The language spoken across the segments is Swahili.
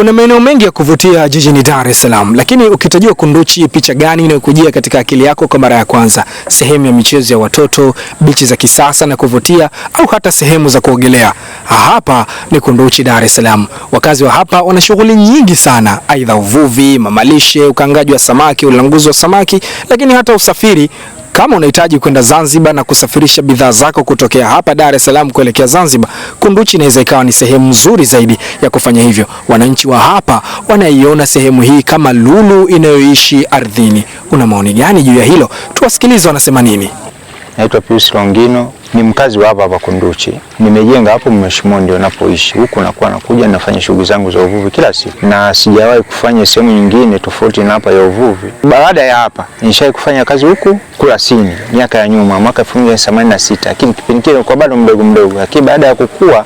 Kuna maeneo mengi ya kuvutia jijini Dar es Salaam, lakini ukitajua Kunduchi, picha gani inayokujia katika akili yako kwa mara ya kwanza? Sehemu ya michezo ya watoto, bichi za kisasa na kuvutia, au hata sehemu za kuogelea? Hapa ni Kunduchi, Dar es Salaam. Wakazi wa hapa wana shughuli nyingi sana, aidha uvuvi, mamalishe, ukangaji wa samaki, ulanguzi wa samaki, lakini hata usafiri kama unahitaji kwenda Zanzibar na kusafirisha bidhaa zako kutokea hapa Dar es Salaam kuelekea Zanzibar, Kunduchi inaweza ikawa ni sehemu nzuri zaidi ya kufanya hivyo. Wananchi wa hapa wanaiona sehemu hii kama lulu inayoishi ardhini. Una maoni gani juu ya hilo? Tuwasikilize wanasema nini. Naitwa Pius Longino, ni mkazi wa hapa hapa Kunduchi. Nimejenga hapo Mheshimiwa, ndio napoishi huku, nakuwa nakuja nafanya shughuli zangu za uvuvi kila siku, na sijawahi kufanya sehemu nyingine tofauti na hapa ya uvuvi. Baada ya hapa nishawahi kufanya kazi huku Kurasini miaka ya nyuma, mwaka 1986 lakini kipindi kile kwa bado mdogo mdogo, lakini baada ya kukua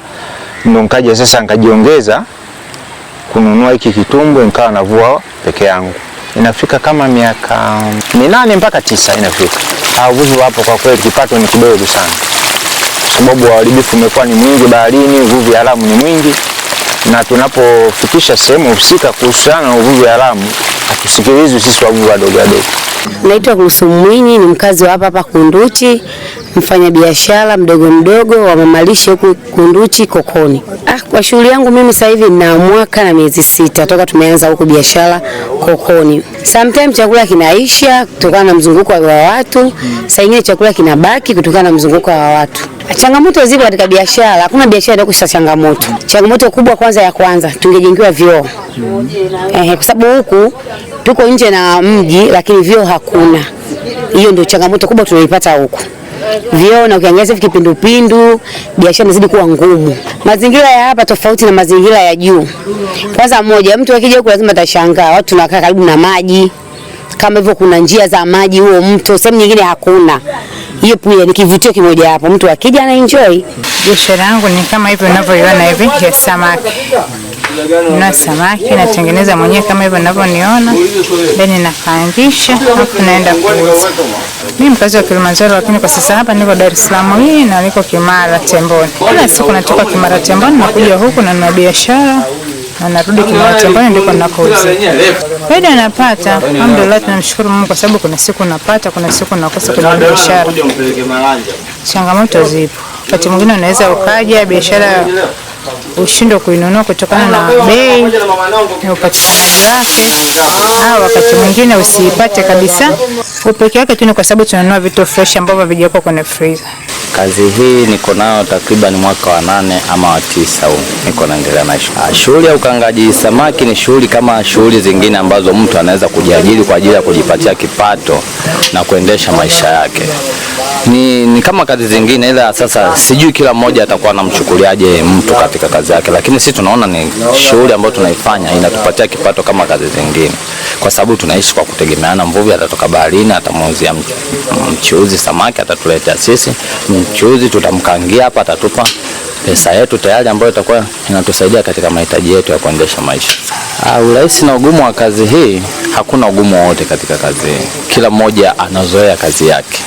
ndio nkaja sasa nkajiongeza kununua hiki kitumbwe, nikawa navua peke yangu. Inafika kama miaka minane mpaka tisa inafika Ah, uvuvi wapo kwa kweli kipato ni kidogo sana, kwa sababu waharibifu umekuwa ni mwingi baharini, uvuvi haramu ni mwingi na tunapofikisha sehemu husika kuhusiana na uvuvi haramu, hatusikilizwi sisi wavuvi wadogo wadogo. Naitwa Kusumu Mwinyi, ni mkazi wa hapa hapa Kunduchi, mfanyabiashara mdogo mdogo wa mamalishi huku Kunduchi Kokoni. Ah, kwa shughuli yangu mimi sasa hivi na mwaka na miezi sita toka tumeanza huku biashara Kokoni. Sometimes chakula kinaisha kutokana na mzunguko wa watu, saa nyingine chakula kinabaki kutokana na mzunguko wa watu. Changamoto zipo katika biashara, hakuna biashara itakusha changamoto. Changamoto kubwa kwanza ya kwanza tungejengiwa vyoo mm. Eh, kwa sababu huku tuko nje na mji lakini vyoo hakuna. Hiyo ndio changamoto kubwa tunaoipata huku vyoo na ukiangalia sasa kipindupindu, biashara inazidi kuwa ngumu. Mazingira ya hapa tofauti na mazingira ya juu. Kwanza moja, mtu akija huku lazima atashangaa, watu tunakaa karibu na maji, kama hivyo kuna njia za maji, huo mto sehemu nyingine hakuna hiyo pia ni kivutio kimoja hapo, mtu akija ana enjoy. Biashara yangu ni kama hivi unavyoiona hivi ya samaki na samaki natengeneza mwenyewe kama hivyo ninavyoniona, then nakaangisha, alafu naenda kuuza. Mimi mkazi wa Kilimanjaro, lakini kwa sasa hapa niko Dar es Salaam hii na niko Kimara Temboni. Kila siku natoka Kimara Temboni nakuja huku na na biashara anarudi Kwani ndiko nakosa Faida anapata, alhamdulillah, tunamshukuru Mungu kwa sababu kuna siku napata, kuna siku nakosa kwenye biashara. Changamoto zipo, wakati mwingine unaweza ukaja biashara ushindwe kuinunua kutokana na bei na upatikanaji wake, au wakati mwingine usiipate kabisa. Upekee wake tu ni kwa sababu tunanunua vitu fresh ambavyo havijawekwa kwenye freezer. Kazi hii niko nayo takriban mwaka wa nane ama wa tisa huu, niko naendelea na ah, shughuli ya ukangaji samaki. Ni shughuli kama shughuli zingine ambazo mtu anaweza kujiajiri kwa ajili ya kujipatia kipato na kuendesha maisha yake. Ni, ni kama kazi zingine, ila sasa sijui kila mmoja atakuwa anamchukuliaje mtu katika kazi yake, lakini sisi tunaona ni shughuli ambayo tunaifanya inatupatia kipato kama kazi zingine, kwa sababu tunaishi kwa kutegemeana. Mvuvi atatoka baharini, atamuuzia mchuuzi samaki, atatuletea sisi. Mchuuzi tutamkangia hapa, atatupa pesa yetu tayari ambayo itakuwa inatusaidia katika mahitaji yetu ya kuendesha maisha. Uh, urahisi na ugumu wa kazi hii, hakuna ugumu wowote katika kazi hii. Kila mmoja anazoea kazi yake.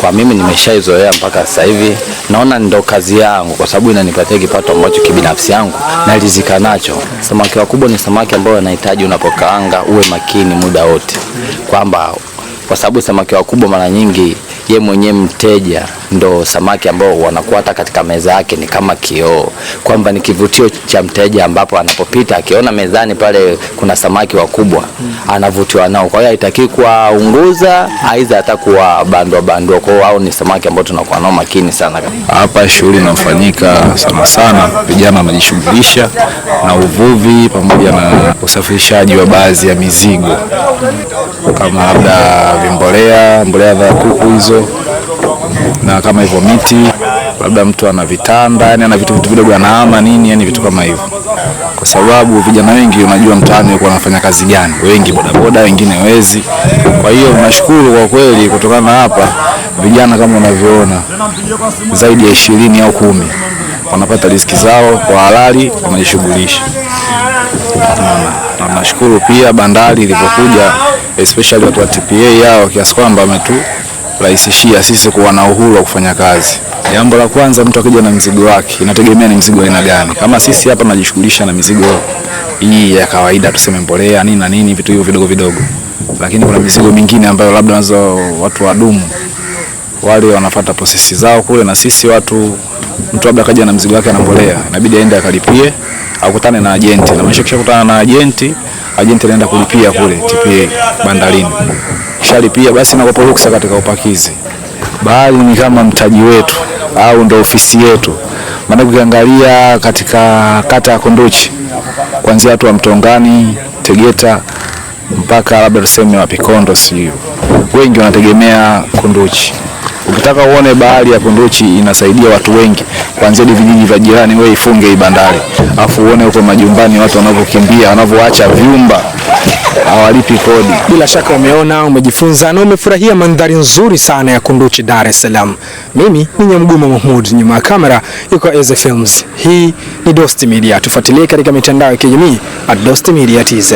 Kwa mimi nimeshaizoea mpaka sasa hivi, naona ndo kazi yangu, kwa sababu inanipatia kipato ambacho kibinafsi yangu nalizika nacho. Samaki wakubwa ni samaki ambao wanahitaji unapokaanga uwe makini muda wote, kwamba kwa sababu samaki wakubwa mara nyingi ye mwenyewe mteja ndo samaki ambao wanakuwa hata katika meza yake ni kama kioo, kwamba ni kivutio cha mteja, ambapo anapopita akiona mezani pale kuna samaki wakubwa anavutiwa nao. Kwa hiyo haitaki kuwaunguza aidha hata kuwabandua bandua. Kwa hiyo ni samaki ambao tunakuwa nao makini sana. Hapa shughuli inafanyika sana sana, vijana wanajishughulisha na uvuvi pamoja na usafirishaji wa baadhi ya mizigo kama labda vimbolea, mbolea za kuku hizo na kama hivyo miti, labda mtu ana vitanda, yani ana vitu vidogo anahama nini, yani vitu kama hivyo, kwa sababu vijana wengi unajua mtaani yuko anafanya kazi gani, wengi bodaboda, wengine wezi. Kwa hiyo nashukuru kwa kweli, kutokana na hapa vijana kama unavyoona zaidi ya ishirini au kumi wanapata riziki zao kwa halali, wanajishughulisha nashukuru pia bandari ilivyokuja, especially watu wa TPA yao kiasi kwamba wametu inaturahisishia sisi kuwa na uhuru wa kufanya kazi. Jambo la kwanza, mtu akija na mzigo wake, inategemea ni mzigo aina gani. Kama sisi hapa tunajishughulisha na mizigo hii ya kawaida, tuseme mbolea nini na nini, vitu hivyo vidogo vidogo, lakini kuna mizigo mingine ambayo labda nazo watu wadumu wale wanafata prosesi zao kule, na sisi watu, mtu labda akaja na mzigo wake na mbolea, inabidi aende akalipie, akutane na ajenti, na maana kisha kutana na ajenti, ajenti anaenda kulipia kule TPA bandarini pia basi nakupa ruksa katika upakizi. Bahari ni kama mtaji wetu au ndo ofisi yetu, maana ukiangalia katika kata ya Kunduchi kuanzia watu wa Mtongani, Tegeta mpaka labda tuseme Wapikondo, si wengi wanategemea Kunduchi. Ukitaka uone bahari ya Kunduchi inasaidia watu wengi, kuanzia vijiji vya jirani, wewe ifunge hii bandari, afu uone huko majumbani watu wanavyokimbia, wanavyoacha vyumba hawalipi kodi. Bila shaka umeona, umejifunza na umefurahia mandhari nzuri sana ya Kunduchi, Dar es Salaam. Mimi ni Nyamguma Mahmud, nyuma ya kamera yuko Eze Films. Hii ni Dosti Media, tufuatilie katika mitandao ya kijamii at Dosti Media TZ.